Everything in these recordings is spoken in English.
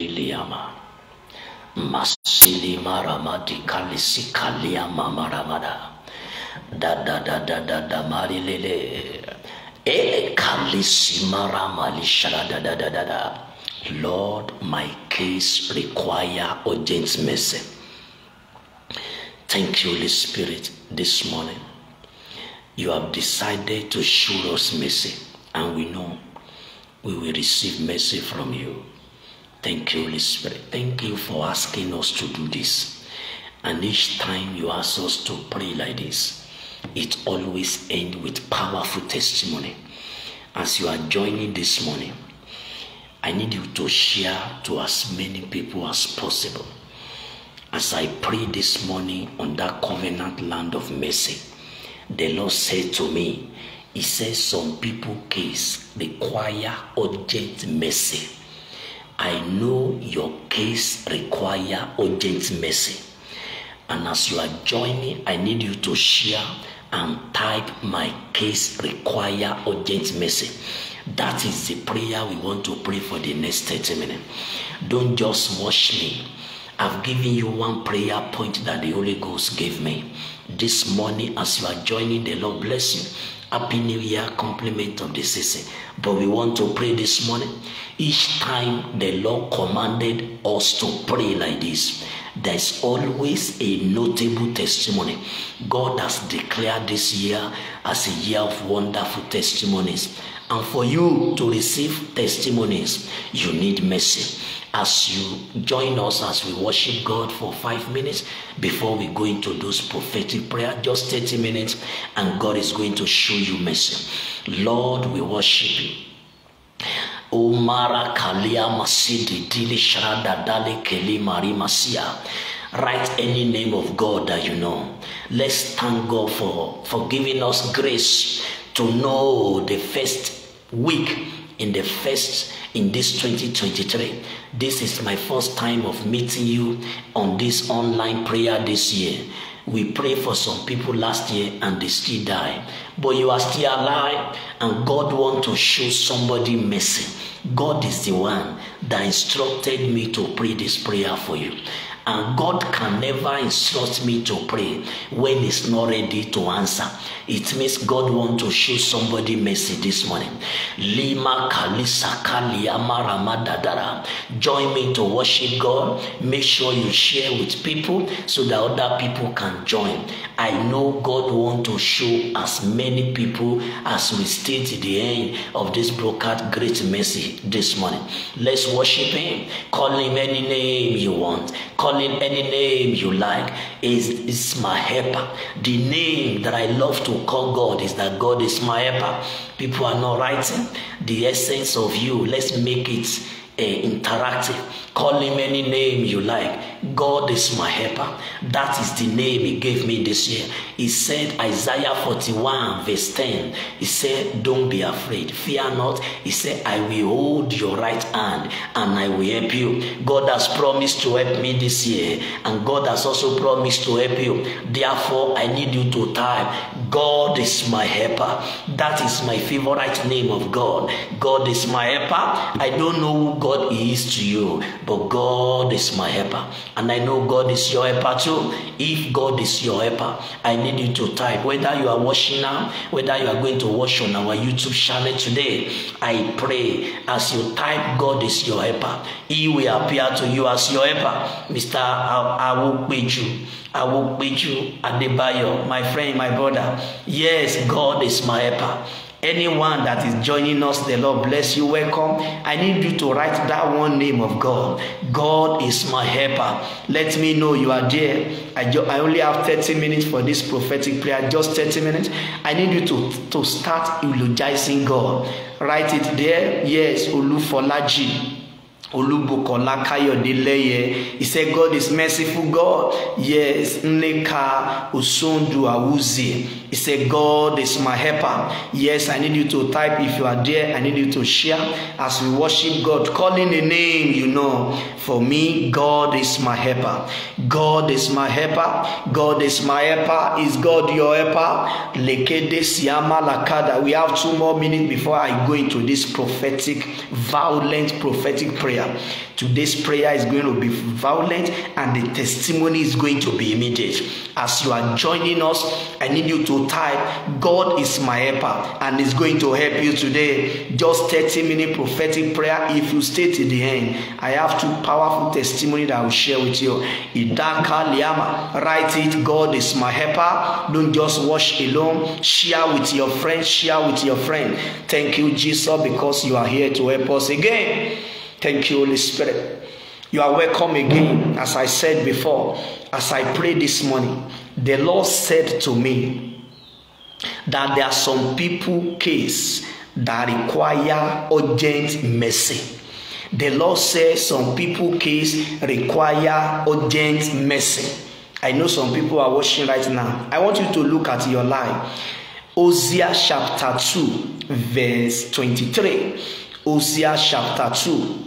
Iliama. Masili maramati kalisi kaliama maramada. Da da da da da da marilele. E kalisi maramali shada da da da da da. Lord, my case require urgent mercy. Thank you, Holy Spirit, this morning. You have decided to show us mercy, and we know we will receive mercy from you. Thank you, Holy Spirit. Thank you for asking us to do this. And each time you ask us to pray like this, it always ends with powerful testimony. As you are joining this morning, I need you to share to as many people as possible. As I pray this morning on that covenant land of mercy, the Lord said to me, He says, Some people case require urgent mercy. I know your case require urgent mercy. And as you are joining, I need you to share and type my case require urgent mercy. That is the prayer we want to pray for the next 30 minutes. Don't just watch me. I've given you one prayer point that the Holy Ghost gave me. This morning, as you are joining, the Lord bless you. Happy New Year compliment of the season. But we want to pray this morning. Each time the Lord commanded us to pray like this, there's always a notable testimony. God has declared this year as a year of wonderful testimonies. And for you to receive testimonies, you need mercy as you join us as we worship God for five minutes before we go into those prophetic prayer, just 30 minutes, and God is going to show you mercy. Lord, we worship you. Umara Kalia Masidi Dili Shrada Dali Keli Mari Masia. Write any name of God that you know. Let's thank God for, for giving us grace to know the first week in the first in this 2023. This is my first time of meeting you on this online prayer this year. We pray for some people last year and they still die, But you are still alive and God wants to show somebody mercy. God is the one that instructed me to pray this prayer for you. And God can never instruct me to pray when He's not ready to answer. It means God wants to show somebody mercy this morning. Lima Kalisa Kali Amarama Join me to worship God. Make sure you share with people so that other people can join. I know God wants to show as many people as we stay to the end of this broadcast great mercy this morning. Let's worship Him. Call Him any name you want. Call it any name you like, is, is my helper. The name that I love to call God is that God is my helper. People are not writing the essence of you. Let's make it interactive. Call him any name you like. God is my helper. That is the name he gave me this year. He said, Isaiah 41, verse 10. He said, Don't be afraid. Fear not. He said, I will hold your right hand and I will help you. God has promised to help me this year, and God has also promised to help you. Therefore, I need you to type. God is my helper. That is my favorite name of God. God is my helper. I don't know who God God is to you, but God is my helper. And I know God is your helper too. If God is your helper, I need you to type. Whether you are watching now, whether you are going to watch on our YouTube channel today, I pray as you type, God is your helper. He will appear to you as your helper. Mr. I, will pay you. I will pay you, Adebayo, my friend, my brother. Yes, God is my helper. Anyone that is joining us, the Lord bless you. Welcome. I need you to write that one name of God. God is my helper. Let me know you are there. I, I only have thirty minutes for this prophetic prayer, just thirty minutes. I need you to, to start eulogizing God. Write it there. Yes, Olufolaji. Olubukola Kayode Leye. He said, God is merciful God. Yes, Nneka Osondu Awuzie. He said, God is my helper. Yes, I need you to type if you are there. I need you to share as we worship God, calling the name, you know. For me, God is my helper. God is my helper. God is my helper. Is God your helper? Lekede siyama lakada. We have two more minutes before I go into this prophetic, violent prophetic prayer. Today's prayer is going to be violent and the testimony is going to be immediate. As you are joining us, I need you to type, God is my helper and is going to help you today. Just 30 minute prophetic prayer. If you stay till the end, I have two powerful testimony that I will share with you. Idaka Liama, write it. God is my helper. Don't just watch alone. Share with your friend. Share with your friend. Thank you, Jesus, because you are here to help us again. Thank you, Holy Spirit. You are welcome again, as I said before, as I prayed this morning. The Lord said to me, that there are some people case that require urgent mercy. The Lord says some people case require urgent mercy. I know some people are watching right now. I want you to look at your life. Hosea chapter two, verse twenty-three. Hosea chapter two,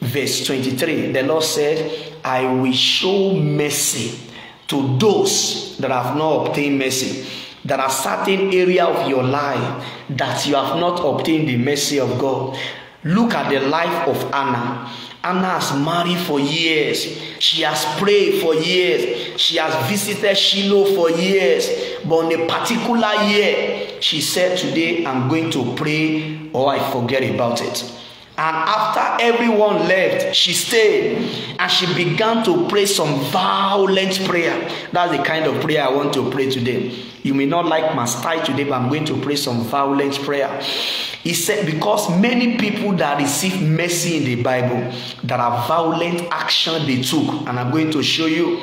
verse twenty-three. The Lord said, I will show mercy to those that have not obtained mercy There are certain area of your life that you have not obtained the mercy of God. Look at the life of Anna. Anna has married for years. She has prayed for years. She has visited Shiloh for years. But on a particular year, she said, Today I'm going to pray or I forget about it. And after everyone left, she stayed and she began to pray some violent prayer. That's the kind of prayer I want to pray today. You may not like my style today, but I'm going to pray some violent prayer. He said, because many people that receive mercy in the Bible, there are violent action they took, and I'm going to show you.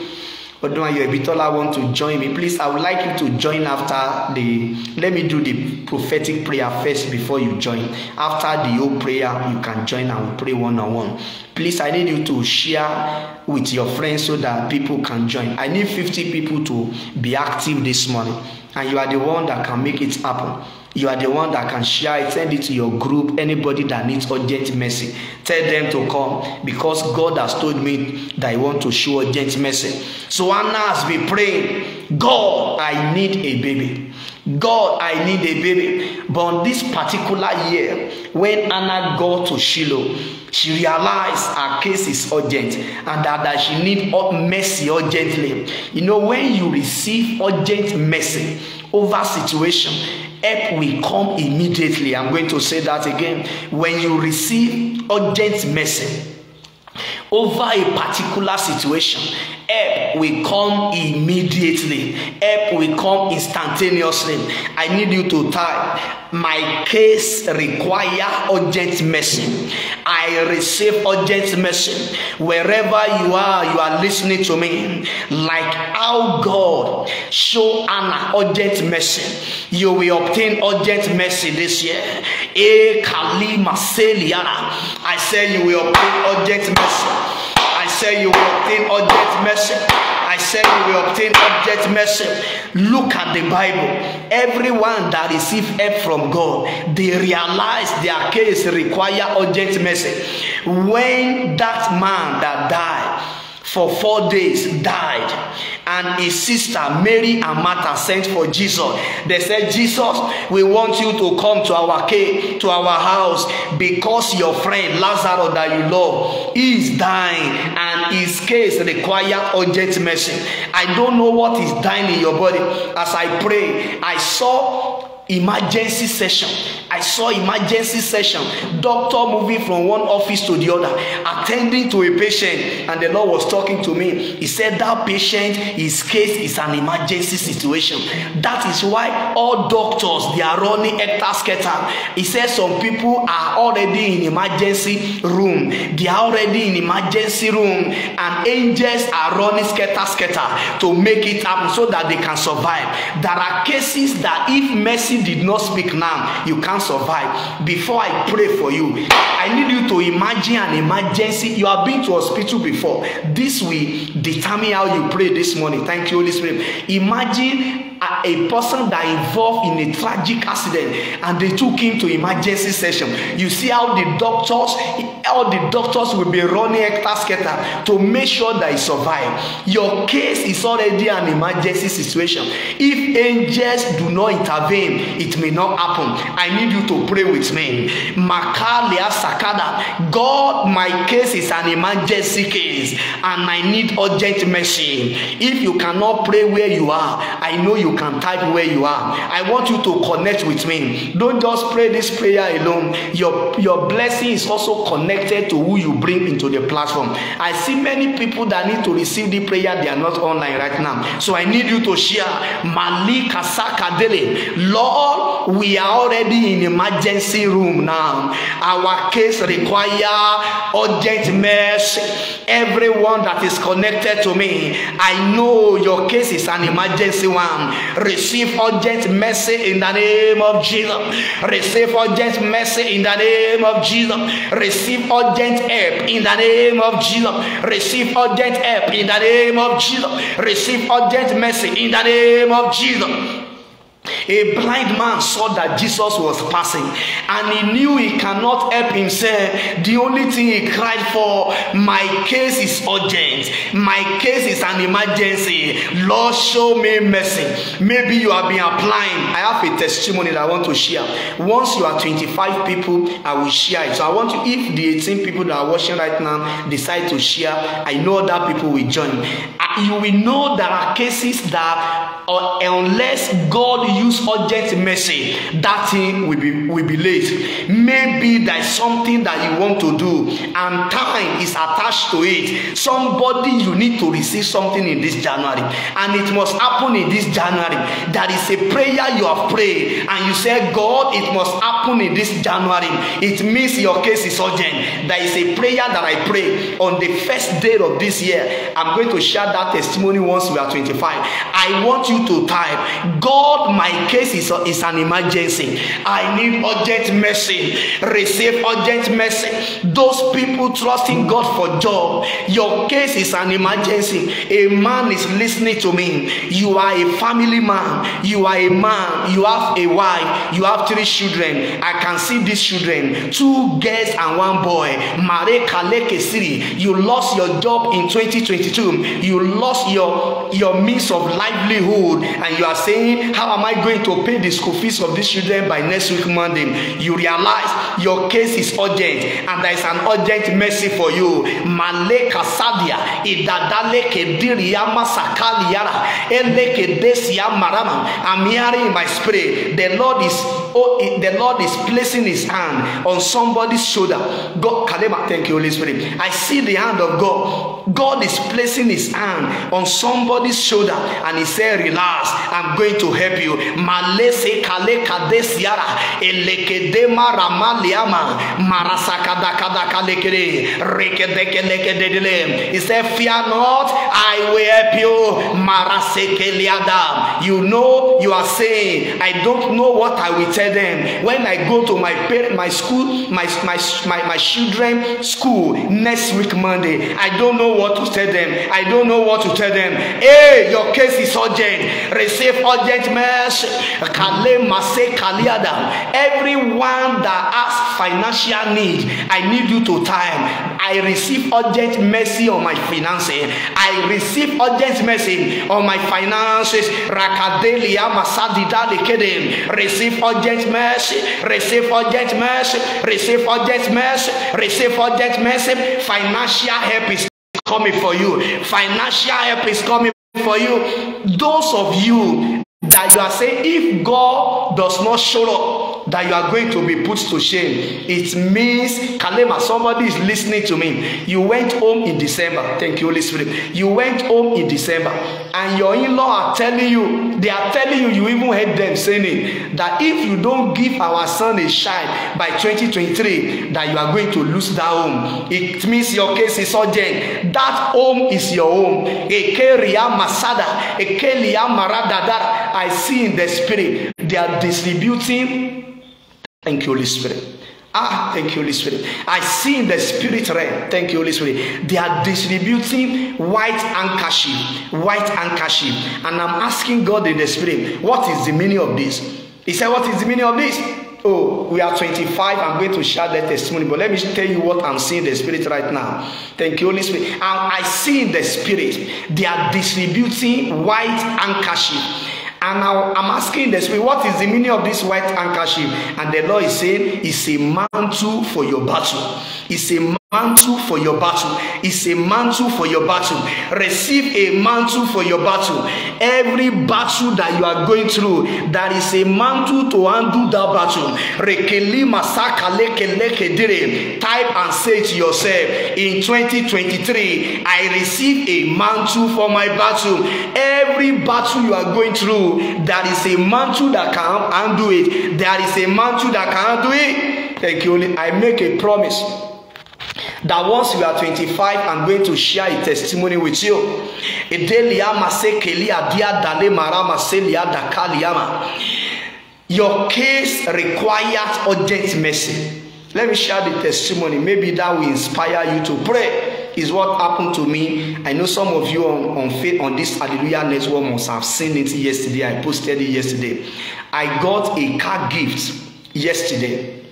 Odunayo Ebitola want to join me, please, I would like you to join after the. Let me do the prophetic prayer first before you join. After the whole prayer, you can join and pray one on one. Please, I need you to share with your friends so that people can join. I need 50 people to be active this morning, and you are the one that can make it happen you are the one that can share it send it to your group anybody that needs urgent mercy tell them to come because god has told me that he want to show urgent mercy so anna has been praying god i need a baby god i need a baby but on this particular year when anna go to shiloh she realized her case is urgent and that, that she need mercy urgently you know when you receive urgent mercy over situation, help will come immediately. I'm going to say that again. When you receive urgent message over a particular situation, help will come immediately help will come instantaneously i need you to type my case require urgent mercy i receive urgent mercy wherever you are you are listening to me like how god show anna urgent mercy you will obtain urgent mercy this year e kalima seliana i say you will obtain urgent mercy I say you will obtain object mercy. I say you will obtain object mercy. Look at the Bible. Everyone that receive help from God, they realize their case require urgent mercy. When that man that died, for four days died and his sister mary and martha sent for jesus they said jesus we want you to come to our cave to our house because your friend lazarus that you love is dying and his case require urgent mercy i don't know what is dying in your body as i pray i saw emergency session i saw emergency session doctor moving from one office to the other attending to a patient and the lord was talking to me he said that patient his case is an emergency situation that is why all doctors they are running hectare scatter he said some people are already in emergency room they are already in emergency room and angels are running scatter scatter to make it happen so that they can survive there are cases that if mercy person did not speak now, you can't survive. Before I pray for you, I need you to imagine an emergency. You have been to hospital before. This will determine how you pray this morning. Thank you, Holy Spirit. Imagine a person that involved in a tragic accident and they took him to emergency session you see how the doctors all the doctors will be running hectare to make sure that he survive your case is already an emergency situation if angels do not intervene it may not happen i need you to pray with me makalea sakada god my case is an emergency case and i need urgent mercy if you cannot pray where you are i know you can type where you are. I want you to connect with me. Don't just pray this prayer alone. Your, your blessing is also connected to who you bring into the platform. I see many people that need to receive the prayer, they are not online right now. So I need you to share. Mali Kasakadele. Lord, we are already in emergency room now. Our case require urgent mercy. Everyone that is connected to me, I know your case is an emergency one. Receive urgent mercy in the name of Jesus. Receive urgent mercy in the name of Jesus. Receive urgent help in the name of Jesus. Receive urgent help in the name of Jesus. Receive urgent mercy in the name of Jesus. A blind man saw that Jesus was passing and he knew he cannot help himself. The only thing he cried for, My case is urgent, my case is an emergency. Lord, show me mercy. Maybe you have been applying. I have a testimony that I want to share. Once you are 25 people, I will share it. So I want you, if the 18 people that are watching right now decide to share, I know other people will join. Uh, you will know there are cases that or unless God use urgent mercy, that thing will be will be late. Maybe there's something that you want to do, and time is attached to it. Somebody you need to receive something in this January, and it must happen in this January. That is a prayer you have prayed, and you say, God, it must happen in this January. It means your case is urgent. There is a prayer that I pray on the first day of this year. I'm going to share that testimony once we are 25. I want you you to time. God, my case is, a, is an emergency. I need urgent mercy. Receive urgent mercy. Those people trusting God for job, your case is an emergency. A man is listening to me. You are a family man. You are a man. You have a wife. You have three children. I can see these children. Two girls and one boy. Mare Kaleke Siri. You lost your job in 2022. You lost your, your means of livelihood wood and you are saying, How am I going to pay the school fees of these children by next week Monday? You realize your case is urgent and there is an urgent mercy for you. Male kasadia, idadale kediriya masakaliara, ele kedesiya marama. I'm hearing in my spirit, the Lord is oh, the Lord is placing his hand on somebody's shoulder. God, Kalema, thank you, Holy Spirit. I see the hand of God. God is placing his hand on somebody's shoulder and he said, last. I'm going to help you. Malese kale kadesiara elekedema ramaliama marasakada kada kalekere rekedeke lekededele. He said, "Fear not, I will help you." Marasekeliada. You know you are saying, "I don't know what I will tell them." When I go to my my school, my my my, my children school next week Monday, I don't know what to tell them. I don't know what to tell them. Hey, your case is urgent receive urgent mercy. Kale Mase Kaliada. Everyone that has financial need, I need you to time. I receive urgent mercy on my finances. I receive urgent mercy on my finances. Rakadelia Masadida Lekedim. Receive urgent mercy. Receive urgent mercy. Receive urgent mercy. Receive urgent mercy. Financial help is coming for you. Financial help is coming for you. Those of you that you are saying, if God does not show up, that you are going to be put to shame. It means, Kalema, somebody is listening to me. You went home in December. Thank you, Holy Spirit. You went home in December, and your in law are telling you, they are telling you, you even heard them saying it, that if you don't give our son a child by 2023, that you are going to lose that home. It means your case is urgent. That home is your home. Masada, I see in the spirit, they are distributing Thank you, Holy Spirit. Ah, thank you, Holy Spirit. I see in the spirit realm. Thank you, Holy Spirit. They are distributing white handkerchief, white handkerchief. And I'm asking God in the spirit, what is the meaning of this? He said, What is the meaning of this? Oh, we are 25. I'm going to share that testimony, but let me tell you what I'm seeing in the spirit right now. Thank you, Holy Spirit. And I see in the spirit, they are distributing white handkerchief And now I'm asking the spirit, what is the meaning of this white handkerchief? And the Lord is saying, it's a mantle for your battle. It's a mantle for your battle is a mantle for your battle receive a mantle for your battle every battle that you are going through there is a mantle to undo that battle rekele masaka lekele kedere type and say to yourself in 2023 i receive a mantle for my battle every battle you are going through there is a mantle that can undo it there is a mantle that can undo it thank you i make a promise that once you are 25, I'm going to share a testimony with you. Your case requires urgent mercy. Let me share the testimony. Maybe that will inspire you to pray. Is what happened to me. I know some of you on, on faith on this Hallelujah Network must have seen it yesterday. I posted it yesterday. I got a car gift yesterday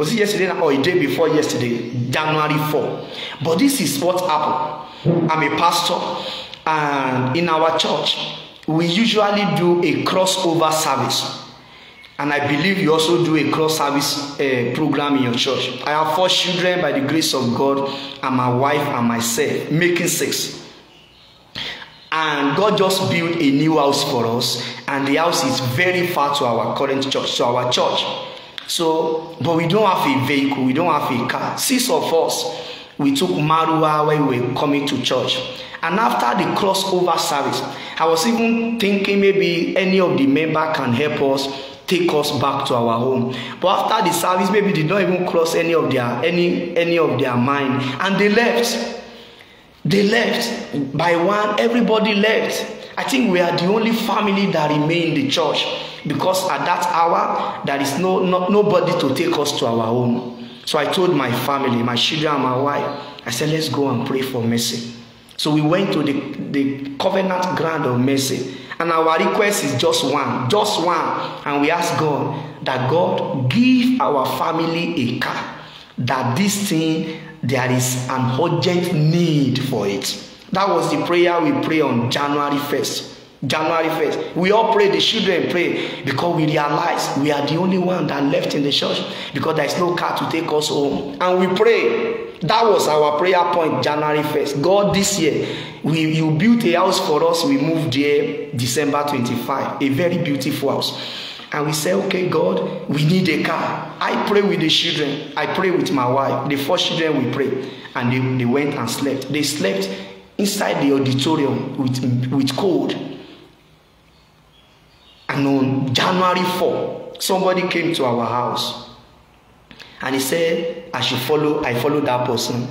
was it yesterday or a day before yesterday january 4 but this is what happened i'm a pastor and in our church we usually do a crossover service and i believe you also do a cross service uh, program in your church i have four children by the grace of god and my wife and myself making six and god just built a new house for us and the house is very far to our current church to our church So, but we don't have a vehicle, we don't have a car. Six of us, we took Marua when we were coming to church. And after the crossover service, I was even thinking maybe any of the member can help us take us back to our home but after the service maybe they don't even cross any of their any any of their mind and they left they left by one everybody left i think we are the only family that remain in the church because at that hour there is no, no nobody to take us to our home so i told my family my children and my wife i said let's go and pray for mercy so we went to the the covenant ground of mercy and our request is just one just one and we ask god that god give our family a car that this thing there is an urgent need for it that was the prayer we pray on january 1st January 1st. We all pray, the children pray, because we realize we are the only one that left in the church because there is no car to take us home. And we pray. That was our prayer point January 1st. God, this year, we, you built a house for us. We moved there December 25, a very beautiful house. And we say, okay, God, we need a car. I pray with the children. I pray with my wife. The four children, we pray. And they, they went and slept. They slept inside the auditorium with, with cold And on January 4, somebody came to our house and he said, I should follow, I followed that person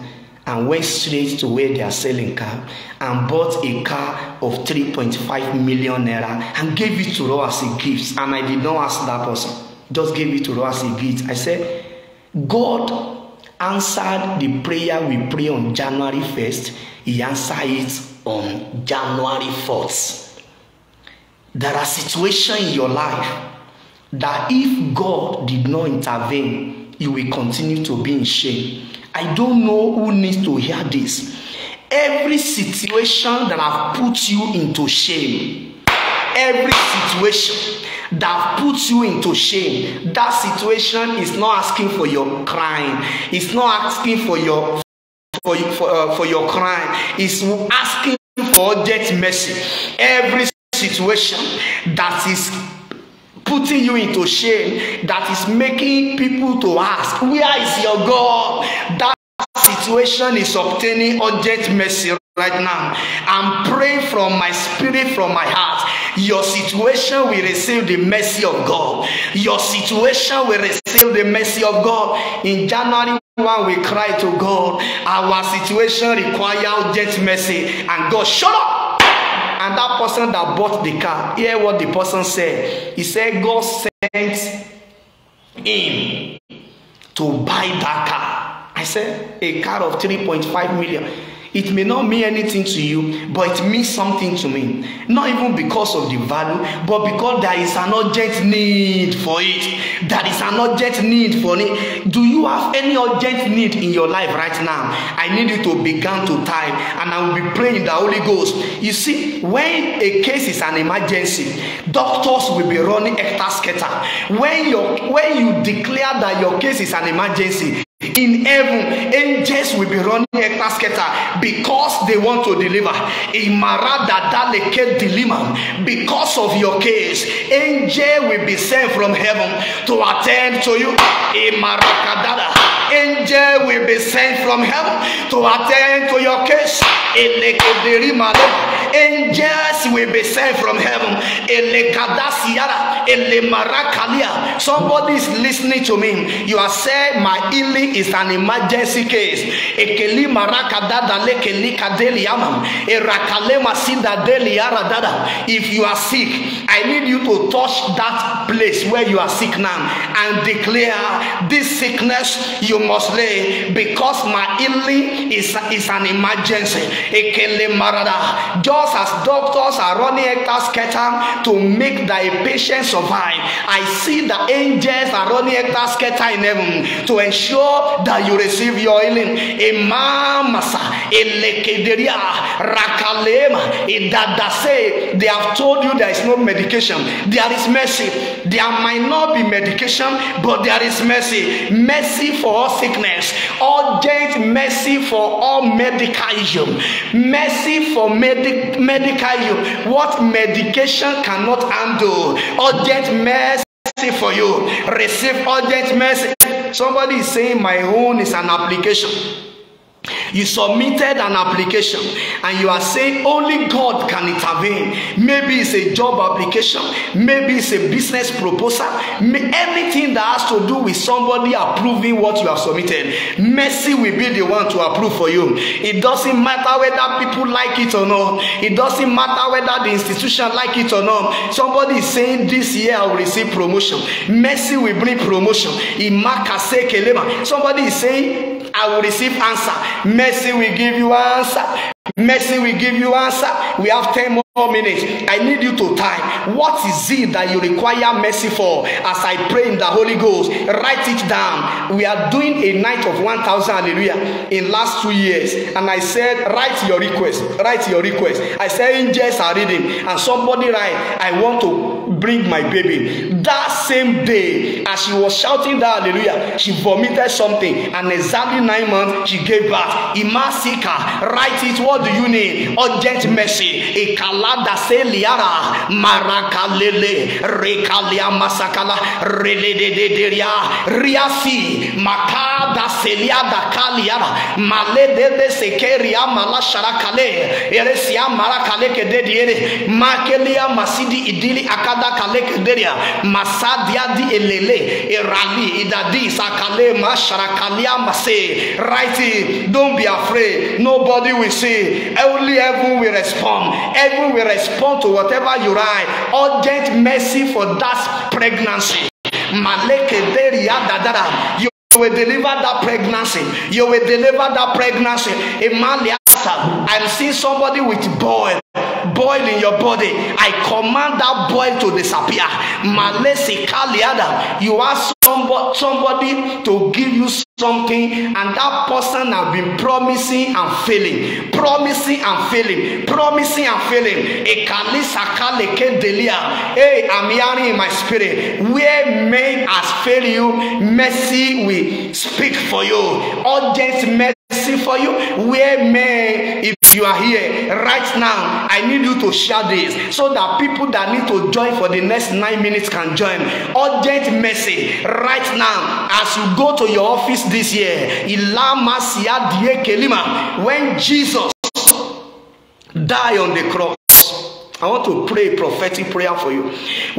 and went straight to where they are selling car and bought a car of 3.5 million naira and gave it to us as a gift. And I did not ask that person, just gave it to us as a gift. I said, God answered the prayer we pray on January 1st, He answered it on January 4th. There are situations in your life that if God did not intervene, you will continue to be in shame. I don't know who needs to hear this. Every situation that have put you into shame, every situation that put you into shame, that situation is not asking for your crying. It's not asking for your for, for, uh, for your crime. It's asking for urgent mercy. Every situation that is putting you into shame, that is making people to ask, Where is your God? That situation is obtaining urgent mercy right now. I'm praying from my spirit, from my heart. Your situation will receive the mercy of God. Your situation will receive the mercy of God. In January, one we cry to God, our situation require urgent mercy, and God, shut up. And that person that bought the car, hear what the person said. He said, God sent him to buy that car. I said, a car of three point five million. It may not mean anything to you, but it means something to me. Not even because of the value, but because there is an urgent need for it. There is an urgent need for it. Do you have any urgent need in your life right now? I need you to begin to time, and I will be praying the Holy Ghost. You see, when a case is an emergency, doctors will be running hectare scatter. When, your, when you declare that your case is an emergency, in heaven angels will be running a scatter because they want to deliver because of your case angel will be sent from heaven to attend to you angel will be sent from heaven to attend to your case Angels will be sent from heaven. Somebody is listening to me. You are saying my healing is an emergency case. If you are sick, I need you to touch that place where you are sick now and declare this sickness you must lay because my healing is, is an emergency. Ekele marada. Just as doctors are running hectares scatter to make thy patient survive, I see the angels are running hectares scatter in heaven to ensure that you receive your healing. Imamasa, Elekederia, Rakalema, Idadase. They have told you there is no medication. There is mercy. There might not be medication, but there is mercy. Mercy for all sickness, urgent mercy for all medical issue. Mercy for medic, medical you. What medication cannot handle. Urgent mercy for you. Receive urgent mercy. Somebody is saying, My own is an application. You submitted an application and you are saying only God can intervene. Maybe it's a job application, maybe it's a business proposal, anything that has to do with somebody approving what you have submitted. Mercy will be the one to approve for you. It doesn't matter whether people like it or not, it doesn't matter whether the institution like it or not. Somebody is saying, This year I will receive promotion. Mercy will bring promotion. Somebody is saying, I will receive answer. Mercy will give you answer. Mercy will give you answer. We have 10 more four minutes i need you to type what is it that you require mercy for as i pray in the holy ghost write it down we are doing a night of one 1000 hallelujah in last two years and i said write your request write your request i said angels are reading and somebody write i want to bring my baby that same day as she was shouting that hallelujah she vomited something and exactly nine months she gave birth imasika write it what do you need urgent mercy a kala Marakalele Rekalia Masakala Riasi Makada Kaliara Malede de Sekeria Malashara Kale Eresia Marakale Makelia Masidi Idili Akada Kale Masadia di Elele Erali Idadi Sakale Mase Righty don't be afraid nobody will say only heaven will respond will respond to whatever you write. Urgent mercy for that pregnancy. You will deliver that pregnancy. You will deliver that pregnancy. Master, I'm seeing somebody with boil. Boil in your body. I command that boil to disappear. Malese Kaliada. You ask somebody to give you something and that person has been promising and failing promising and failing promising and failing Ekalisa kaleke hey i'm hearing in my spirit where men has failed you mercy will speak for you urgent mercy medicine for you where may if you are here right now i need you to share this so that people that need to join for the next nine minutes can join urgent message right now as you go to your office this year ilama siadie kelima when jesus die on the cross I want to pray a prophetic prayer for you.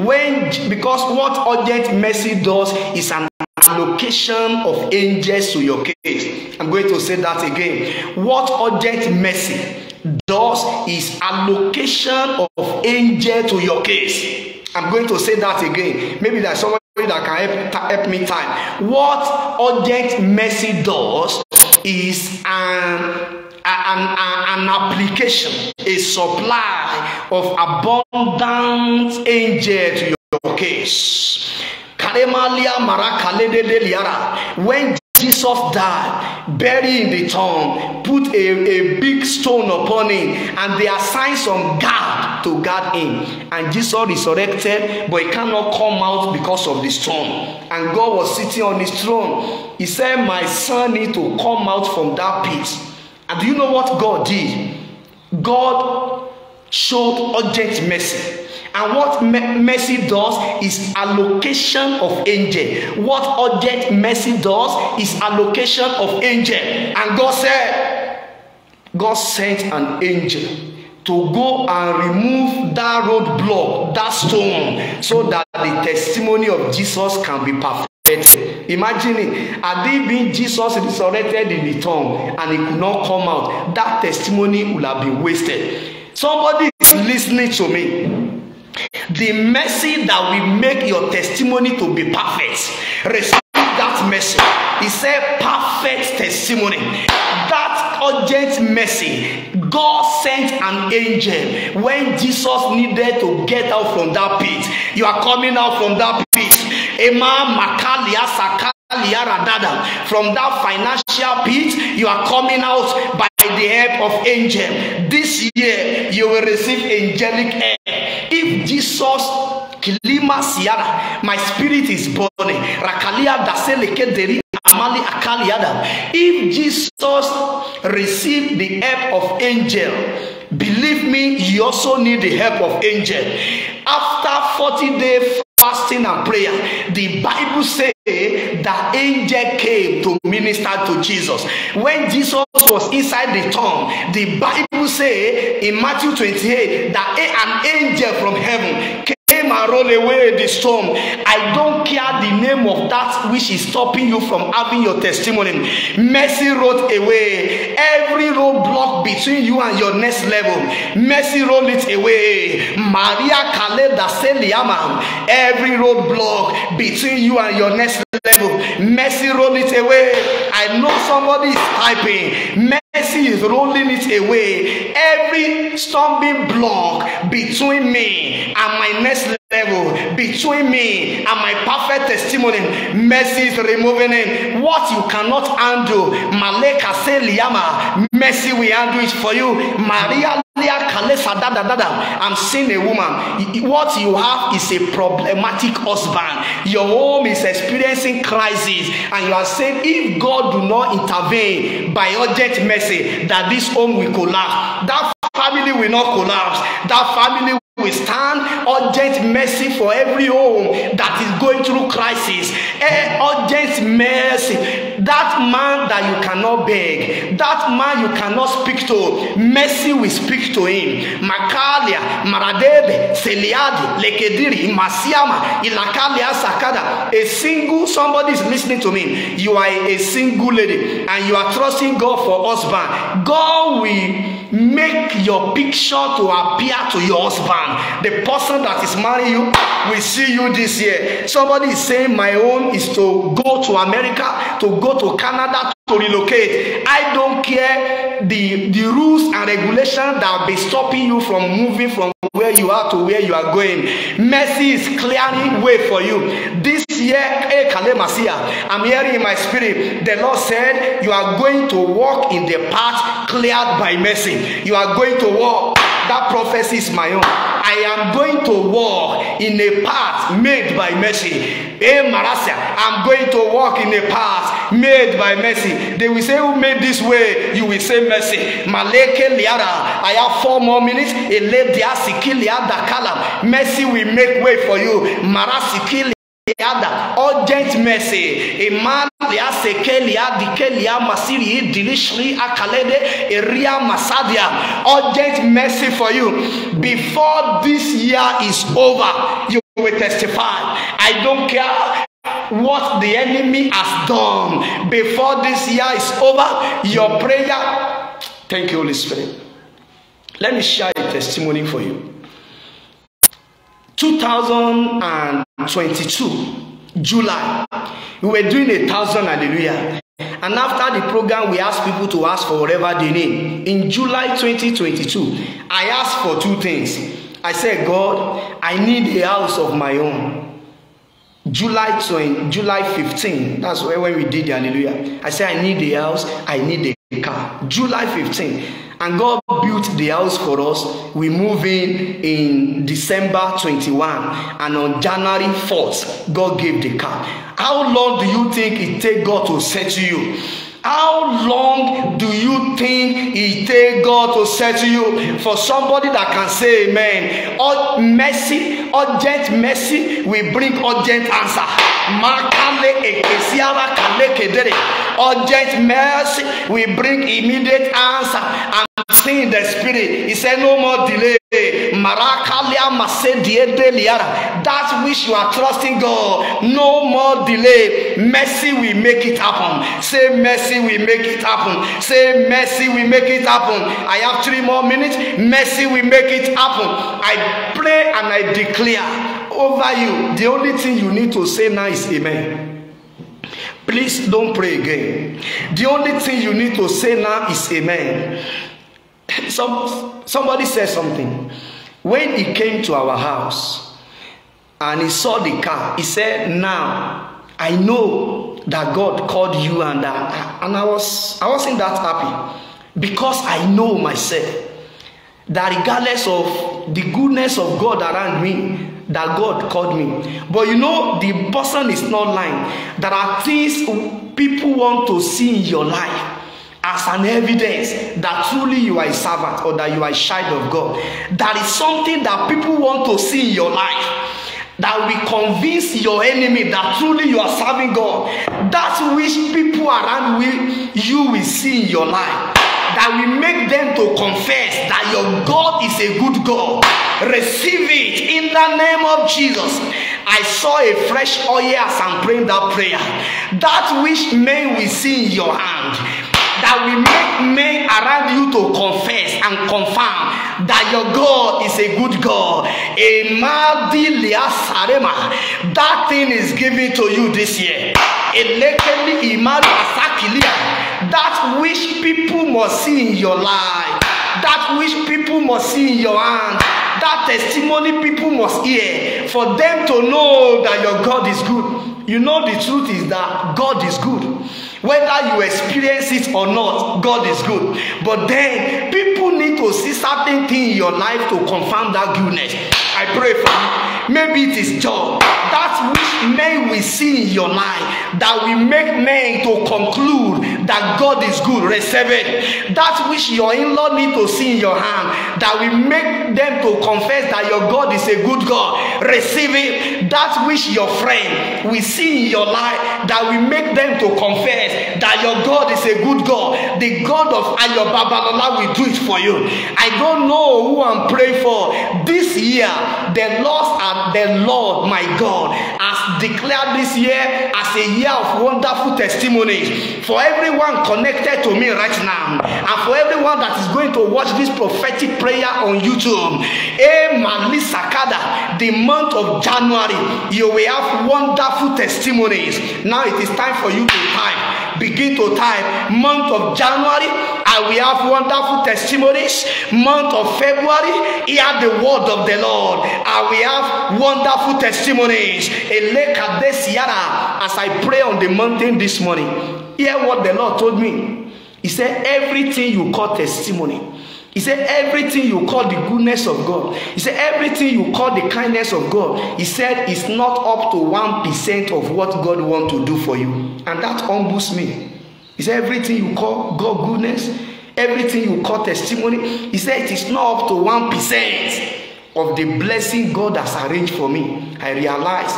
When because what urgent mercy does is an allocation of angels to your case. I'm going to say that again. What urgent mercy does is allocation of angel to your case. I'm going to say that again. Maybe there's somebody that can help, help me time. What urgent mercy does is an an, an, an application, a supply of abundant angel to your case. Karemalia Marakalede When Jesus died, buried in the tomb, put a, a big stone upon him, and they assigned some guard to guard him. And Jesus resurrected, but he cannot come out because of the stone. And God was sitting on his throne. He said, My son needs to come out from that pit And do you know what God did? God showed urgent mercy. And what mercy does is allocation of angel. What urgent mercy does is allocation of angel. And God said, God sent an angel to go and remove that roadblock, that stone, so that the testimony of Jesus can be perfect resurrected. Imagine, had it been Jesus resurrected in the tomb and it could not come out, that testimony would have been wasted. Somebody is listening to me. The mercy that will make your testimony to be perfect. Receive that mercy. He said, perfect testimony. That urgent mercy. God sent an angel when Jesus needed to get out from that pit. You are coming out from that pit. Ema makalia saka radada. From that financial pit, you are coming out by the help of angel. This year, you will receive angelic air. If Jesus Kilima Siara, my spirit is burning. Rakalia Daseleke Amali Akali If Jesus received the help of angel, believe me, you also need the help of angel. After 40 days fasting and prayer, the Bible says that angel came to minister to Jesus. When Jesus was inside the tomb, the Bible says in Matthew 28 that an angel from heaven came came and rolled away the storm. I don't care the name of that which is stopping you from having your testimony. Mercy rolled away every roadblock between you and your next level. Mercy rolled it away. Maria Caleb that said Liaman, every roadblock between you and your next level. Mercy rolled it away. I know somebody is typing. Mercy Mercy is rolling it away. Every stumbling block between me and my next level between me and my perfect testimony mercy is removing it what you cannot handle maleka say liyama mercy will handle it for you maria I'm seeing a woman. What you have is a problematic husband. Your home is experiencing crisis, and you are saying, if God do not intervene by urgent mercy, that this home will collapse. That family will not collapse. That family We stand urgent mercy for every home that is going through crisis. Eh, urgent mercy that man that you cannot beg that man you cannot speak to mercy will speak to him makalia maradebe seliadi lekediri masiama ilakalia sakada a single somebody is listening to me you are a single lady and you are trusting god for husband god will make your picture to appear to your husband the person that is marry you will see you this year somebody is saying my own is to go to america to go go to Canada to relocate. I don't care the, the rules and regulations that be stopping you from moving from where you are to where you are going. Mercy is clearing way for you. This year, eh, I'm hearing in my spirit, the Lord said, you are going to walk in the path cleared by mercy. You are going to walk. That prophecy is my own. I am going to walk in a path made by mercy. Hey, eh, Marasia, I'm going to walk in a path made by mercy. They will say, Who made this way? You will say mercy. Maleke liara. I have four more minutes. dia diasiki liada kala. Mercy will make way for you. Mara Marasiki liada. Urgent mercy. A man liaseke liadike lia masiri dilishri akalede eria masadia. Urgent mercy for you. Before this year is over, you will testify. I don't care what the enemy has done before this year is over. Your prayer. Thank you, Holy Spirit. Let me share a testimony for you. 2022, July, we were doing a thousand hallelujah. And after the program, we asked people to ask for whatever they need. In July 2022, I asked for two things. I said, God, I need a house of my own. July 20, July 15. That's where when we did the hallelujah. I said, I need the house, I need the car. July 15. And God built the house for us. We move in in December 21. And on January 4th, God gave the car. How long do you think it take God to settle you? How long do you think it take God to settle you? For somebody that can say amen, Ur mercy, urgent mercy will bring urgent answer. Urgent mercy will bring immediate answer. And fasting in the spirit. He said, No more delay. That which you are trusting God, no more delay. Mercy will make it happen. Say, Mercy will make it happen. Say, Mercy will make it happen. I have three more minutes. Mercy will make it happen. I pray and I declare over you. The only thing you need to say now is Amen. Please don't pray again. The only thing you need to say now is Amen. Some, somebody said something. When he came to our house and he saw the car, he said, Now I know that God called you and that. And I was I wasn't that happy because I know myself that regardless of the goodness of God around me, that God called me. But you know, the person is not lying. There are things people want to see in your life as an evidence that truly you are a servant or that you are a child of God. That is something that people want to see in your life. That will convince your enemy that truly you are serving God. That which people around will, you will see in your life. That will make them to confess that your God is a good God. Receive it in the name of Jesus. I saw a fresh oil as I'm praying that prayer. That which men will see in your hand I will make men around you to confess and confirm that your God is a good God. That thing is given to you this year. That which people must see in your life, that which people must see in your hand, that testimony people must hear for them to know that your God is good. You know, the truth is that God is good whether you experience it or not god is good but then people need to see certain thing in your life to confirm that goodness I pray for you. Maybe it is job. That which men will see in your life that will make men to conclude that God is good. Receive it. That which your in-law need to see in your hand that will make them to confess that your God is a good God. Receive it. That which your friend will see in your life that will make them to confess that your God is a good God. The God of Ayo Babalola will do it for you. I don't know who I'm praying for this year. The Lord and the Lord, my God, has declared this year as a year of wonderful testimonies for everyone connected to me right now and for everyone that is going to watch this prophetic prayer on YouTube. Eh, Amen. Sakada, the month of January, you will have wonderful testimonies. Now it is time for you to time begin to time month of January and we have wonderful testimonies. Month of February, hear the word of the Lord and we have wonderful testimonies. As I pray on the mountain this morning, hear what the Lord told me. He said, Everything you call testimony He said, Everything you call the goodness of God, he said, Everything you call the kindness of God, he said, is not up to 1% of what God wants to do for you. And that humbles me. He said, Everything you call God goodness, everything you call testimony, he said, It is not up to 1% of the blessing God has arranged for me. I realize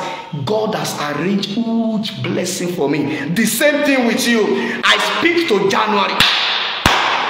God has arranged huge blessing for me. The same thing with you. I speak to January.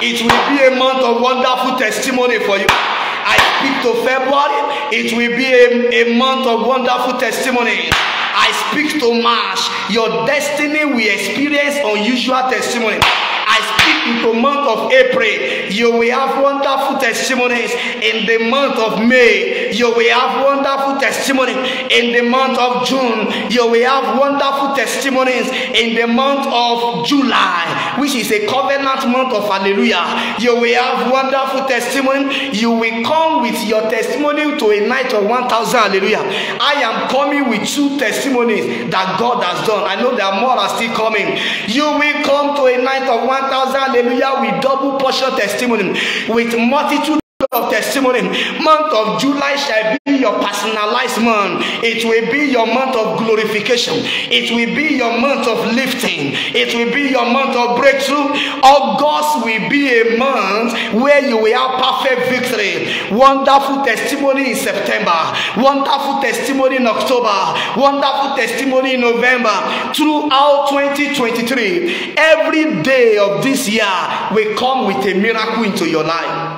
It will be a month of wonderful testimony for you. I speak to February, it will be a, a month of wonderful testimony. I speak to March, your destiny will experience unusual testimony. I the month of April, you will have wonderful testimonies. In the month of May, you will have wonderful testimony. In the month of June, you will have wonderful testimonies. In the month of July, which is a covenant month of hallelujah, you will have wonderful testimony. You will come with your testimony to a night of 1,000 hallelujah. I am coming with two testimonies that God has done. I know there are more are still coming. You will come to a night of 1,000 hallelujah, with double portion testimony, with multitude of testimony. Month of July shall be your personalized month. It will be your month of glorification. It will be your month of lifting. It will be your month of breakthrough. August will be a month where you will have perfect victory. Wonderful testimony in September. Wonderful testimony in October. Wonderful testimony in November. Throughout 2023, every day of this year will come with a miracle into your life.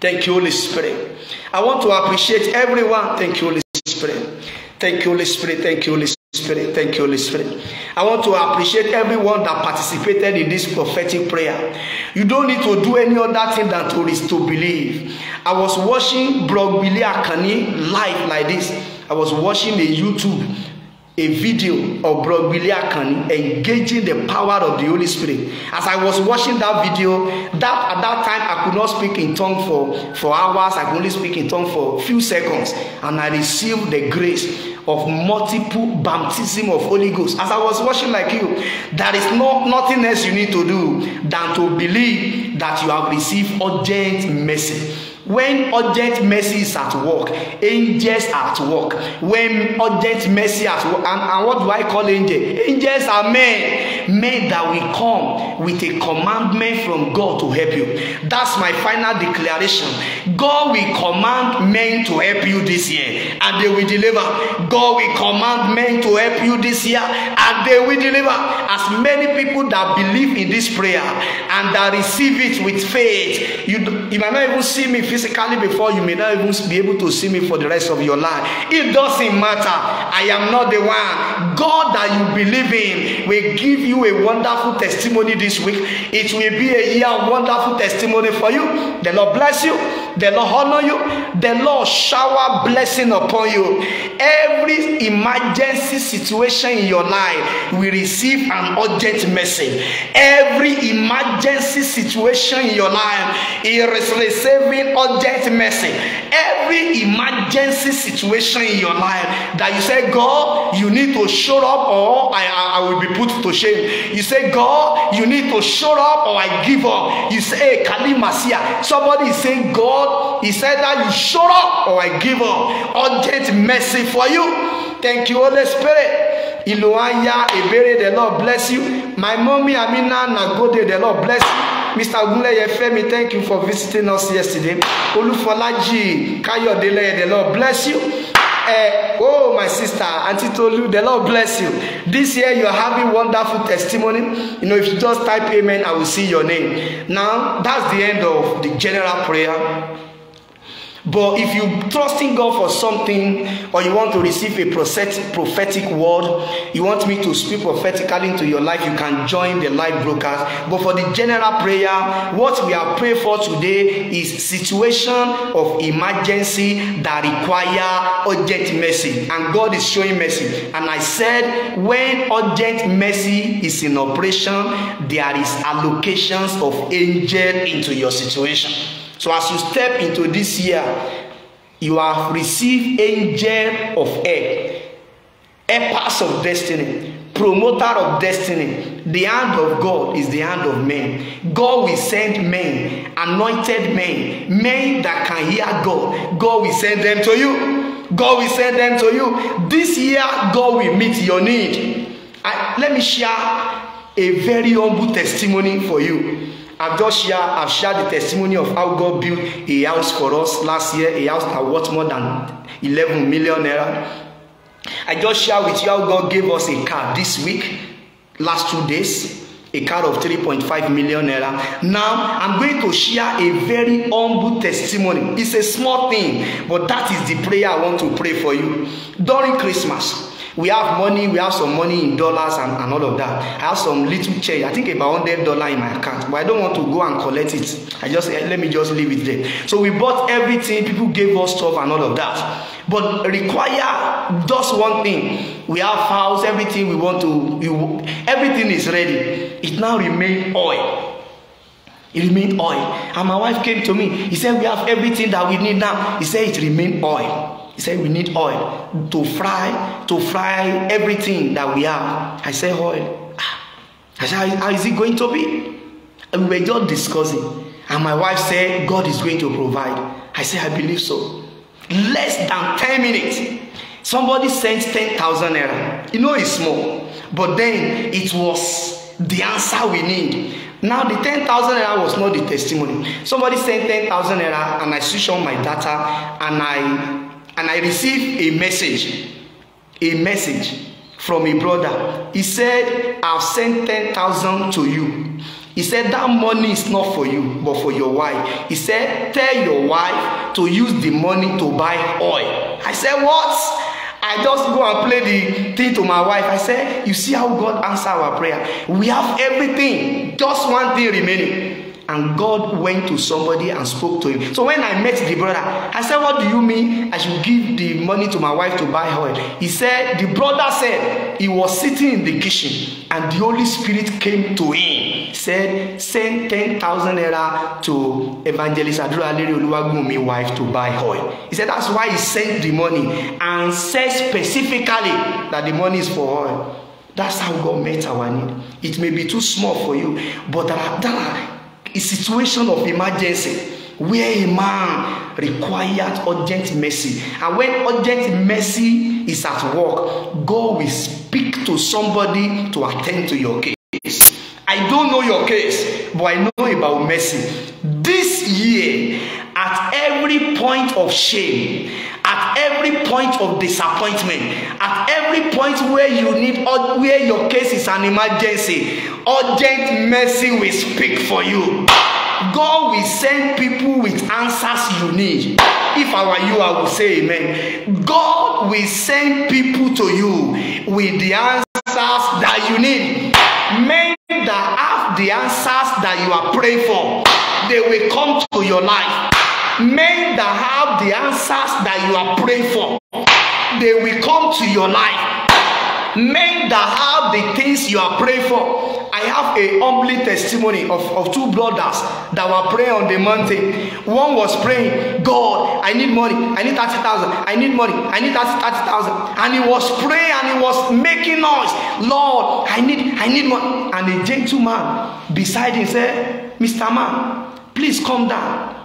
Thank you, Holy Spirit. I want to appreciate everyone. Thank you, Holy Spirit. Thank you, Holy Spirit. Thank you, Holy Spirit. Thank you, Holy Spirit. I want to appreciate everyone that participated in this prophetic prayer. You don't need to do any other thing than to, to believe. I was watching Blog Billy Akani live like this. I was watching a YouTube a video of Bro Billy Akani engaging the power of the Holy Spirit. As I was watching that video, that at that time I could not speak in tongue for, for hours, I could only speak in tongue for a few seconds, and I received the grace of multiple baptism of Holy Ghost. As I was watching like you, there is no, nothing else you need to do than to believe that you have received urgent message when urgent mercy is at work angels are at work when urgent mercy at work and and what do i call angel angels are men men that will come with a commandment from god to help you that's my final declaration god will command men to help you this year and they will deliver god will command men to help you this year and they will deliver as many people that believe in this prayer and that receive it with faith you, you might not even see me physically physically before, you may not even be able to see me for the rest of your life. It doesn't matter. I am not the one. God that you believe in will give you a wonderful testimony this week. It will be a year of wonderful testimony for you. The Lord bless you. The Lord honor you. The Lord shower blessing upon you. Every emergency situation in your life will receive an urgent message. Every emergency situation in your life is receiving urgent urgent mercy every emergency situation in your life that you say god you need to show up or i i, I will be put to shame you say god you need to show up or i give up you say hey Masia, somebody is saying god he said that you show up or i give up urgent mercy for you thank you holy spirit iloanya ebere the lord bless you my mommy amina nagode the lord bless you Mr. Ogunleye Femi, thank you for visiting us yesterday. Olufolaji Kayode the Lord bless you. Uh, oh, my sister, Auntie Tolu, the Lord bless you. This year you're having wonderful testimony. You know, if you just type amen, I will see your name. Now, that's the end of the general prayer. But if you trusting God for something or you want to receive a prophetic, prophetic word, you want me to speak prophetically into your life, you can join the live broadcast. But for the general prayer, what we are praying for today is situation of emergency that require urgent mercy. And God is showing mercy. And I said, when urgent mercy is in operation, there is allocations of angel into your situation. So as you step into this year, you have received angel of help, helpers of destiny, promoter of destiny. The hand of God is the hand of men. God will send men, anointed men, men that can hear God. God will send them to you. God will send them to you. This year, God will meet your need. I, let me share a very humble testimony for you. I've just shared, I've shared the testimony of how God built a house for us last year, a house that worth more than 11 million naira. I just shared with you how God gave us a car this week, last two days, a car of 3.5 million naira. Now, I'm going to share a very humble testimony. It's a small thing, but that is the prayer I want to pray for you. During Christmas, we have money we have some money in dollars and, and all of that i have some little change i think about hundred dollar in my account but i don't want to go and collect it i just eh, let me just leave it there so we bought everything people gave us stuff and all of that but require just one thing we have house everything we want to we, everything is ready it now remain oil it remain oil and my wife came to me he said we have everything that we need now he said it remain oil He said, we need oil to fry, to fry everything that we have. I said, oil. Ah. I said, how is it going to be? And we were just discussing. And my wife said, God is going to provide. I said, I believe so. Less than 10 minutes, somebody sent 10,000 naira. You know it's small. But then it was the answer we need. Now the 10,000 naira was not the testimony. Somebody sent 10,000 naira and I switched on my data and I and I received a message, a message from a brother. He said, I've sent ten thousand to you. He said, that money is not for you, but for your wife. He said, tell your wife to use the money to buy oil. I said, what? I just go and play the thing to my wife. I said, you see how God answered our prayer. We have everything, just one thing remaining and God went to somebody and spoke to him. So when I met the brother, I said, What do you mean I should give the money to my wife to buy oil? He said, The brother said he was sitting in the kitchen and the Holy Spirit came to him, said, Send 10,000 naira to evangelist Aduraleri Oluwagumi wife to buy oil. He said, That's why he sent the money and said specifically that the money is for her. That's how God met our need. It may be too small for you, but there are, there are a situation of emergency where a man required urgent mercy and when urgent mercy is at work God will speak to somebody to attend to your case. I don't know your case, but I know about mercy. This year, at every point of shame, at every point of disappointment, at every point where you need, where your case is an emergency, urgent mercy will speak for you. God will send people with answers you need. If I were you, I would say amen. God will send people to you with the answers that you need. Many that have the answers that you are praying for, they will come to your life. Men that have the answers that you are praying for, they will come to your life. men that have the things you are praying for. I have a humbly testimony of, of two brothers that were praying on the mountain. One was praying, God, I need money, I need thirty thousand, I need money, I need thirty thirty thousand, and he was praying and he was making noise, Lord, I need, I need money. And a gentle man beside him said, Mr. Man, please come down.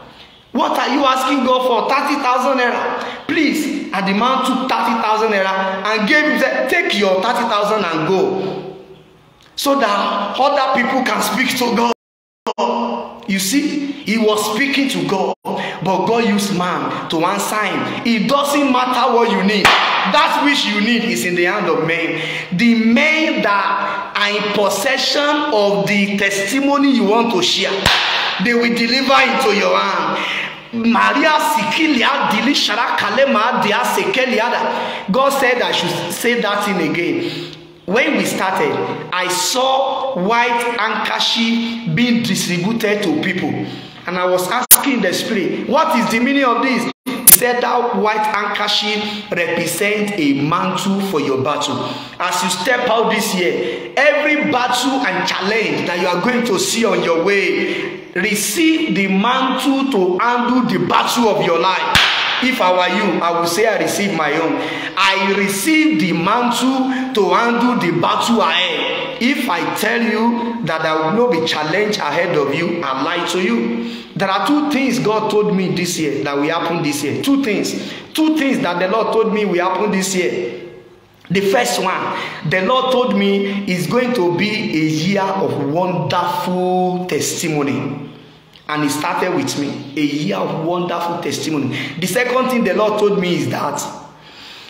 What are you asking God for? 30,000 naira. Please, And I demand to 30,000 naira and gave him, said, Take your 30,000 and go. So that other people can speak to God. You see, he was speaking to God, but God used man to answer him. It doesn't matter what you need. That which you need is in the hand of men. The men that are in possession of the testimony you want to share, they will deliver into your hand. Maria Sikilia Dili Kalema, Dia, Sekeliada. God said I should say that thing again when we started i saw white handkerchief being distributed to people and i was asking the spirit what is the meaning of this he said that white handkerchief represent a mantle for your battle as you step out this year every battle and challenge that you are going to see on your way receive the mantle to handle the battle of your life If I were you, I would say I received my own. I received the mantle to handle the battle ahead. If I tell you that I will not be challenged ahead of you, I lie to you. There are two things God told me this year that will happen this year. Two things. Two things that the Lord told me will happen this year. The first one, the Lord told me is going to be a year of wonderful testimony and he started with me. A year of wonderful testimony. The second thing the Lord told me is that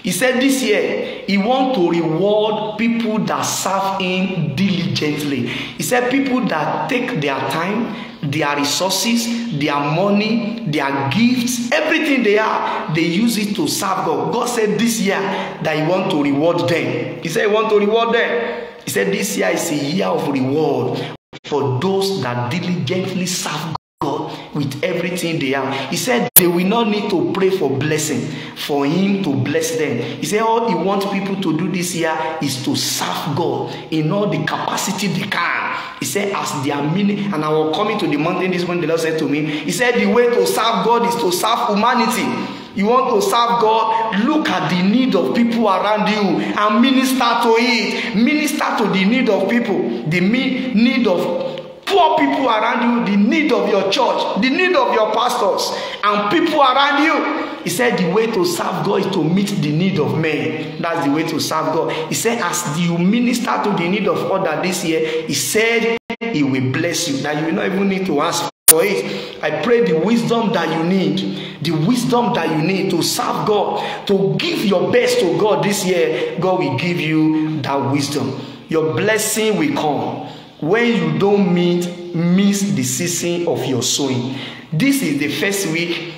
he said this year he want to reward people that serve him diligently. He said people that take their time, their resources, their money, their gifts, everything they are, they use it to serve God. God said this year that he want to reward them. He said he want to reward them. He said this year is a year of reward for those that diligently serve God. God with everything they have. He said they will not need to pray for blessing for Him to bless them. He said all He wants people to do this year is to serve God in all the capacity they can. He said, as their meaning, and I was coming to the mountain this morning, the Lord said to me, He said, the way to serve God is to serve humanity. You want to serve God, look at the need of people around you and minister to it. Minister to the need of people, the need of poor people around you, the need of your church, the need of your pastors, and people around you. He said, The way to serve God is to meet the need of men. That's the way to serve God. He said, As you minister to the need of other this year, He said, He will bless you. That you will not even need to ask for it. I pray the wisdom that you need, the wisdom that you need to serve God, to give your best to God this year, God will give you that wisdom. Your blessing will come. when you don't meet, miss the season of your sowing. This is the first week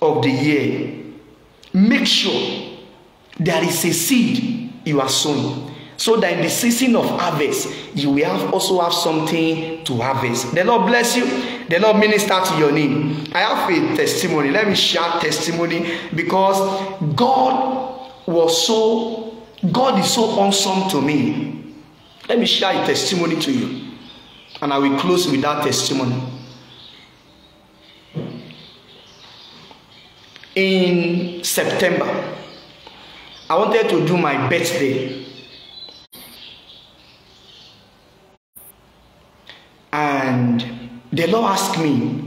of the year. Make sure there is a seed you are sowing. So that in the season of harvest, you will have also have something to harvest. The Lord bless you. The Lord minister to your need. I have a testimony. Let me share testimony because God was so, God is so awesome to me Let me share a testimony to you. And I will close with that testimony. In September, I wanted to do my birthday. And the Lord asked me,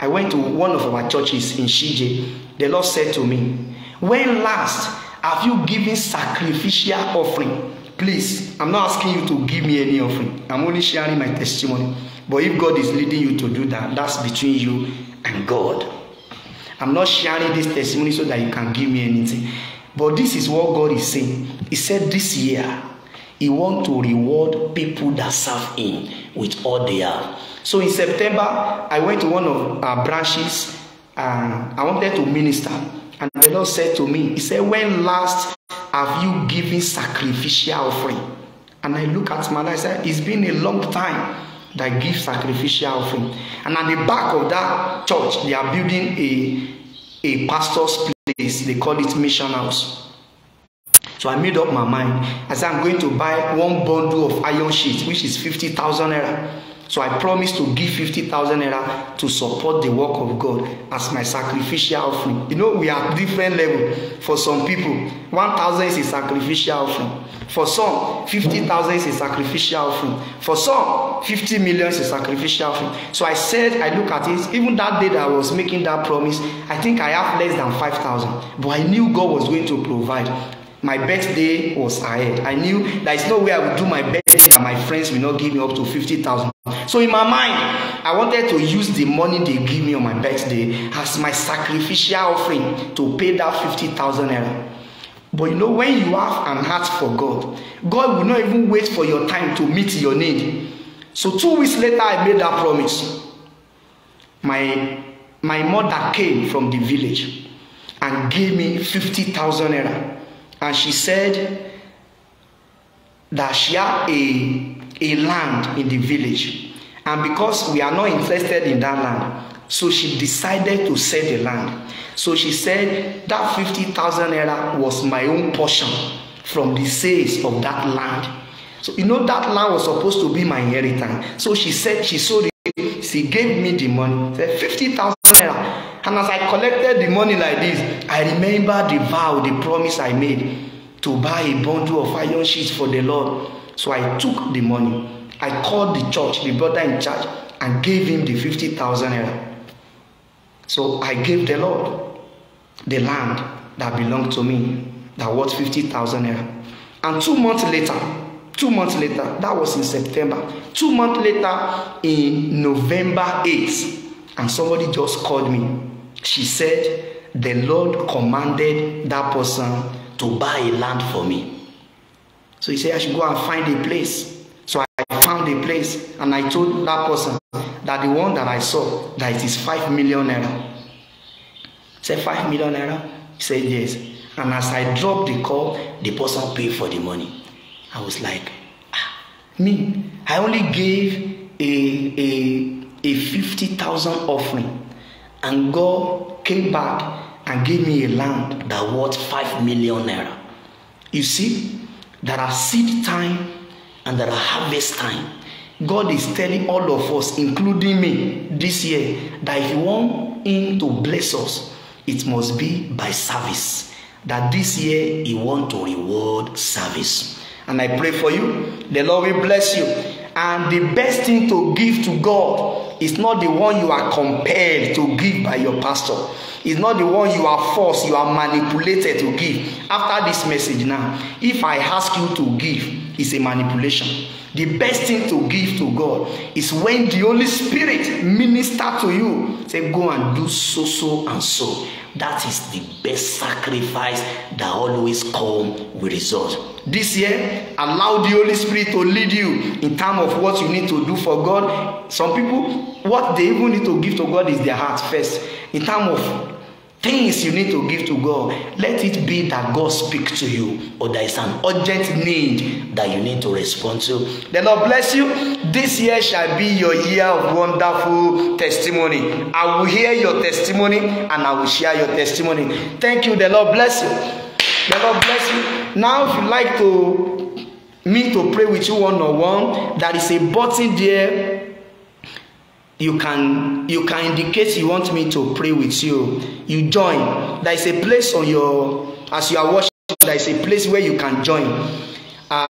I went to one of our churches in Shije. The Lord said to me, When last have you given sacrificial offering? Please, I'm not asking you to give me any offering. I'm only sharing my testimony. But if God is leading you to do that, that's between you and God. I'm not sharing this testimony so that you can give me anything. But this is what God is saying. He said this year, He want to reward people that serve Him with all they have. So in September, I went to one of our branches and I wanted to minister. And the Lord said to me, He said, When last have you given sacrificial offering? And I look at my life, I said, It's been a long time that I give sacrificial offering. And at the back of that church, they are building a, a pastor's place. They call it Mission House. So I made up my mind. I said, I'm going to buy one bundle of iron sheets, which is 50,000 naira. So I promised to give 50,000 naira to support the work of God as my sacrificial offering. You know, we are different level. For some people, 1,000 is a sacrificial offering. For some, 50,000 is a sacrificial offering. For some, 50 million is a sacrificial offering. So I said, I look at it, even that day that I was making that promise, I think I have less than 5,000. But I knew God was going to provide. My birthday was ahead. I knew there is no way I would do my birthday and my friends will not give me up to fifty thousand. So in my mind, I wanted to use the money they give me on my birthday as my sacrificial offering to pay that fifty thousand naira. But you know, when you have an heart for God, God will not even wait for your time to meet your need. So two weeks later, I made that promise. My, my mother came from the village and gave me fifty thousand naira and she said that she had a a land in the village and because we are not interested in that land so she decided to sell the land so she said that fifty thousand naira was my own portion from the sales of that land so you know that land was supposed to be my inheritance so she said she sold it she gave me the money say fifty thousand naira and as i collected the money like this i remember the vow the promise i made to buy a bundle of iron sheets for the lord so i took the money i called the church the brother in charge and gave him the fifty thousand naira so i gave the lord the land that belonged to me that worth fifty thousand naira and two months later two months later that was in september Two months later, in November 8th, and somebody just called me. She said, The Lord commanded that person to buy a land for me. So he said, I should go and find a place. So I found a place and I told that person that the one that I saw, that it is five million naira. He said, five million naira? He said, Yes. And as I dropped the call, the person paid for the money. I was like, me i only gave a a a fifty thousand offering and god came back and gave me a land that worth five million naira you see there are seed time and there are harvest time god is telling all of us including me this year that if you want him to bless us it must be by service that this year he want to reward service And I pray for you. The Lord will bless you. And the best thing to give to God is not the one you are compelled to give by your pastor. It's not the one you are forced, you are manipulated to give. After this message now, if I ask you to give, it's a manipulation. The best thing to give to God is when the Holy Spirit minister to you. Say, go and do so, so, and so. That is the best sacrifice that always come with results. This year, allow the Holy Spirit to lead you in terms of what you need to do for God. Some people, what they even need to give to God is their heart first. In terms of things you need to give to God, let it be that God speak to you or there is an urgent need that you need to respond to. The Lord bless you. This year shall be your year of wonderful testimony. I will hear your testimony and I will share your testimony. Thank you. The Lord bless you. The Lord bless you. Now, if you like to me to pray with you one on one, there is a button there you can you can indicate you want me to pray with you you join there is a place on your as you are watching there is a place where you can join uh,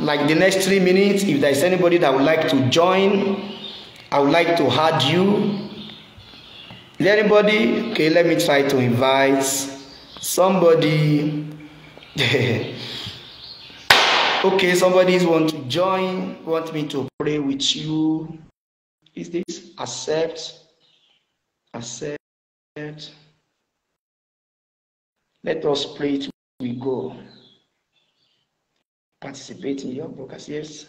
like the next three minutes if there is anybody that would like to join i would like to add you is anybody okay let me try to invite somebody okay somebody's want to join want me to pray with you is this accept, accept. Let us pray till we go. Participate in your broadcast, yes.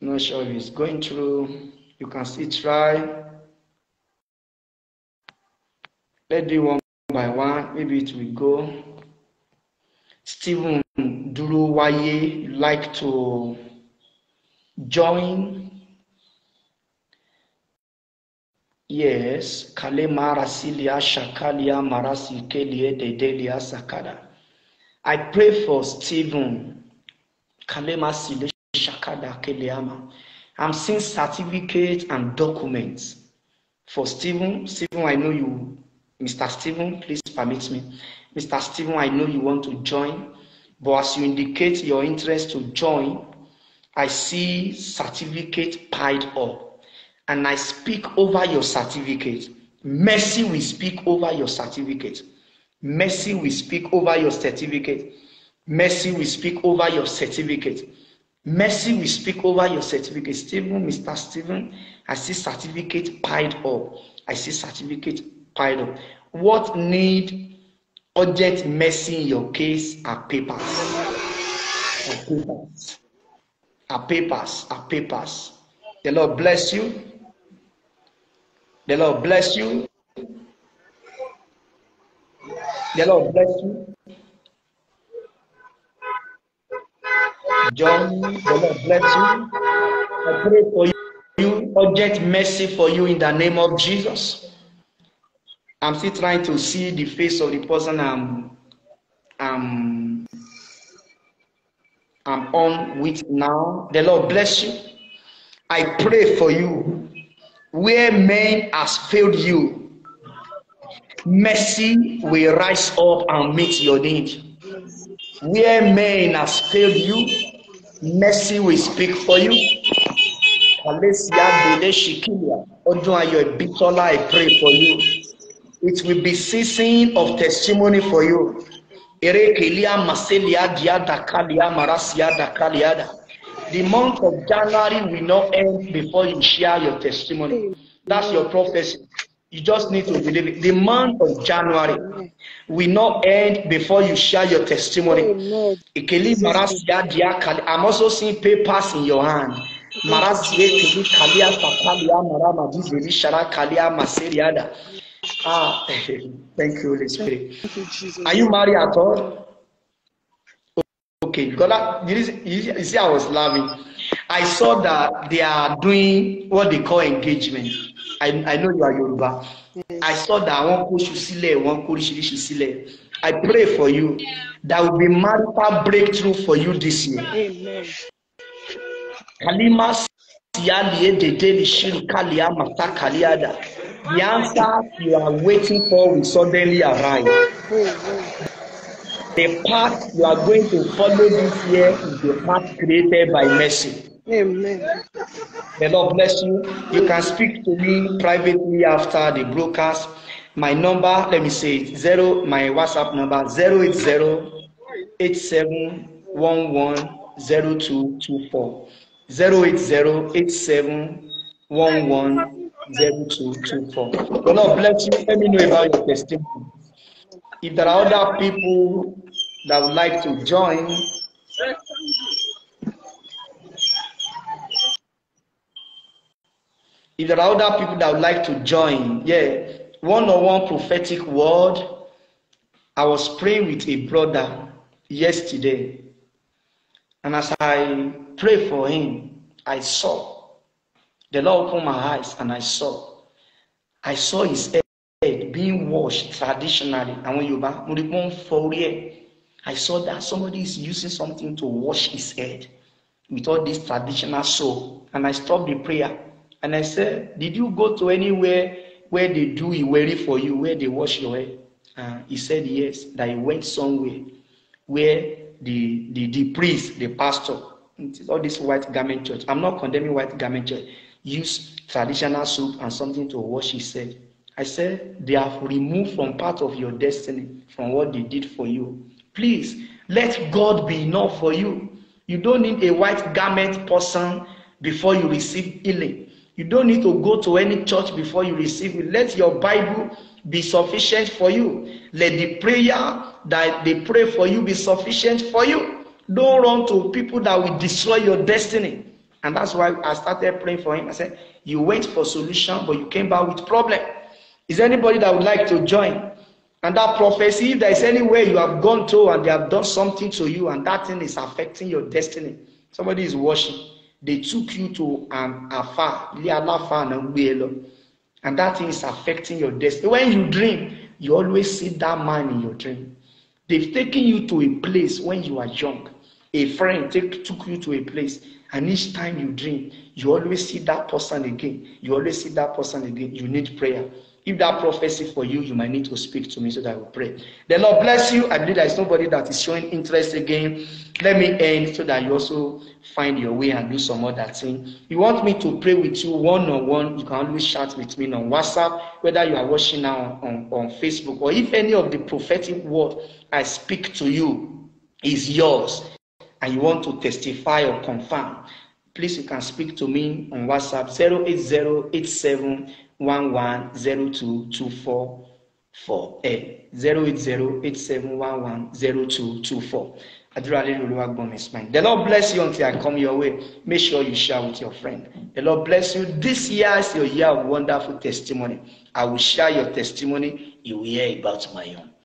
Not sure if it's going through. You can still try. Let's do one by one. Maybe it will go. Stephen Duruwaye like to join. Yes, Shakalia Dedelia Sakada. I pray for Stephen Kalema Shakada I'm seeing certificate and documents for Stephen. Stephen, I know you, Mr. Stephen, please permit me. Mr. Stephen, I know you want to join, but as you indicate your interest to join, I see certificate piled up. And I speak over your certificate. Mercy will speak over your certificate. Mercy will speak over your certificate. Mercy will speak over your certificate. Mercy will speak over your certificate. Stephen, Mr. Stephen, I see certificate piled up. I see certificate piled up. What need urgent mercy in your case are papers. Are papers. Are papers. Are papers. The Lord bless you. The Lord bless you. The Lord bless you. John, the Lord bless you. I pray for you. Urgent mercy for you in the name of Jesus. I'm still trying to see the face of the person I'm I'm I'm on with now. The Lord bless you. I pray for you. Where man has failed you, mercy will rise up and meet your need. Where man has failed you, mercy will speak for you. Alessia Bede Shikilia, Odunayo I pray for you it will be season of testimony for you. The month of January will not end before you share your testimony. That's your prophecy. You just need to believe it. The month of January will not end before you share your testimony. I'm also seeing papers in your hand. Marazie kali shara Ah, thank you, Holy Spirit. Thank you, Jesus. Are you married at all? Okay, because that, you, you see, I was laughing. I saw that they are doing what they call engagement. I, I know you are Yoruba. Yes. I saw that one push ṣu sílẹ̀, wọ́n kó oríṣiríṣi sílẹ̀. I pray for you that will be marital breakthrough for you this year. Amen. Kalima The answer you are waiting for will suddenly arrive. The path you are going to follow this year is the path created by mercy. Amen. The Lord bless you. You can speak to me privately after the broadcast. My number, let me say it, zero, my WhatsApp number 080 8711 0224 zero eight zero eight seven one one zero two two four. The Lord bless you. Let me know about your testimony. If there are other people that would like to join, if there are other people that would like to join, yeah, one on one prophetic word. I was praying with a brother yesterday And as I prayed for him, I saw. The Lord opened my eyes and I saw. I saw his head being washed traditionally. And when you I saw that somebody is using something to wash his head with all this traditional soap. And I stopped the prayer and I said, Did you go to anywhere where they do worry for you, where they wash your head? Uh, he said, Yes, that he went somewhere where the, the, the priest, the pastor. all this white garment church. I'm not condemning white garment church. Use traditional soup and something to wash his said I said, they have removed from part of your destiny from what they did for you. Please, let God be enough for you. You don't need a white garment person before you receive healing. You don't need to go to any church before you receive it. Let your Bible be sufficient for you. Let the prayer that they pray for you be sufficient for you. Don't run to people that will destroy your destiny. And that's why I started praying for him. I said, You went for solution, but you came back with problem. Is anybody that would like to join? And that prophecy, if there is anywhere you have gone to and they have done something to you, and that thing is affecting your destiny, somebody is watching. They took you to an afar, And that thing is affecting your destiny. When you dream, you always see that man in your dream. They've taken you to a place when you are young. A friend take, took you to a place, and each time you dream, you always see that person again. You always see that person again. You need prayer. If that prophecy for you, you might need to speak to me so that I will pray. The Lord bless you. I believe there is nobody that is showing interest again. Let me end so that you also find your way and do some other thing. You want me to pray with you one on one? You can always chat with me on WhatsApp, whether you are watching now on, on, on Facebook, or if any of the prophetic word I speak to you is yours and you want to testify or confirm please you can speak to me on WhatsApp 08087 one one zero two two four four ẹ eh, zero eight zero eight seven one one zero two two four Adurale Oluwagbon is mine. The Lord bless you until I come your way. Make sure you share with your friend. The Lord bless you. This year is your year of wonderful testimony. I will share your testimony. You will hear about my own.